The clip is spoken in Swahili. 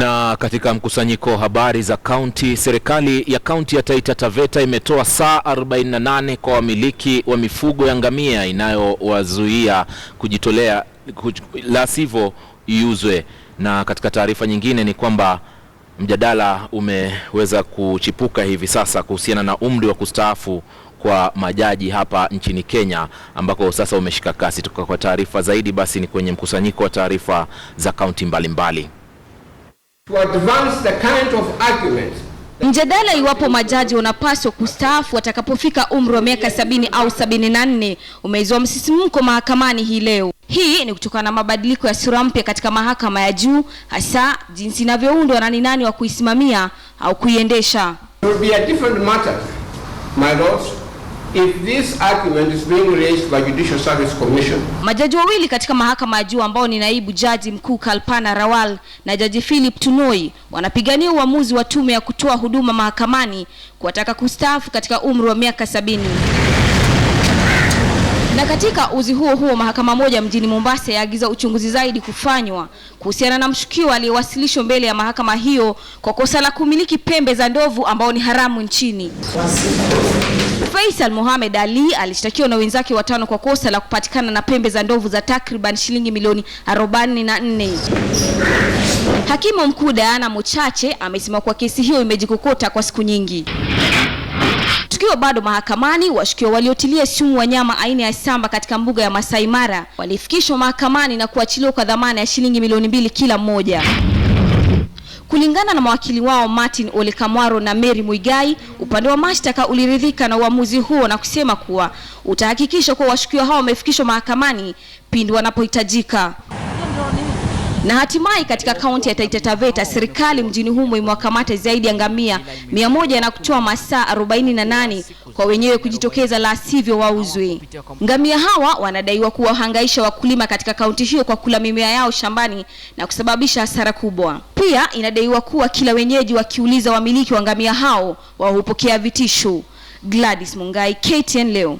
Na katika mkusanyiko wa habari za kaunti, serikali ya kaunti ya Taita Taveta imetoa saa 48 kwa wamiliki wa mifugo ya ngamia inayowazuia kujitolea, la sivyo iuzwe. Na katika taarifa nyingine ni kwamba mjadala umeweza kuchipuka hivi sasa kuhusiana na umri wa kustaafu kwa majaji hapa nchini Kenya ambako sasa umeshika kasi. Toka kwa taarifa zaidi, basi ni kwenye mkusanyiko wa taarifa za kaunti mbalimbali to advance the kind of argument Mjadala iwapo majaji wanapaswa kustaafu watakapofika umri wa miaka sabini au sabini na nne umeizua msisimko mahakamani hii leo. Hii ni kutokana na mabadiliko ya sura mpya katika mahakama ya juu, hasa jinsi inavyoundwa na ni nani wa kuisimamia au kuiendesha. If this argument is being raised by Judicial Service Commission. Majaji wawili katika mahakama ya juu ambao ni naibu jaji mkuu Kalpana Rawal na jaji Philip Tunoi wanapigania uamuzi wa tume ya kutoa huduma mahakamani kuwataka kustaafu katika umri wa miaka sabini. Na katika uzi huo huo, mahakama moja mjini Mombasa yaagiza uchunguzi zaidi kufanywa kuhusiana na mshukiwa aliyewasilishwa mbele ya mahakama hiyo kwa kosa la kumiliki pembe za ndovu ambao ni haramu nchini. Faisal Mohamed Ali alishtakiwa na wenzake watano kwa kosa la kupatikana na pembe za ndovu za takriban shilingi milioni 44. Hakimu mkuu Diana Mochache amesema kuwa kesi hiyo imejikokota kwa siku nyingi. Tukiwa bado mahakamani, washukiwa waliotilia sumu wanyama aina ya samba katika mbuga ya Masai Mara walifikishwa mahakamani na kuachiliwa kwa dhamana ya shilingi milioni mbili kila mmoja. Kulingana na mawakili wao Martin Ole Kamwaro na Mary Muigai, upande wa mashtaka uliridhika na uamuzi huo na kusema kuwa utahakikisha kuwa washukiwa hao wamefikishwa mahakamani pindi wanapohitajika. Na hatimaye katika kaunti ya Taita Taveta, serikali mjini humo imewakamata zaidi ya ngamia mia moja na kutoa masaa 48 kwa wenyewe kujitokeza, la sivyo wauzwe. Ngamia hawa wanadaiwa kuwahangaisha wakulima katika kaunti hiyo kwa kula mimea yao shambani na kusababisha hasara kubwa. Pia inadaiwa kuwa kila wenyeji wakiuliza wamiliki wa ngamia hao wahupokea vitisho. Gladys Mungai, KTN leo.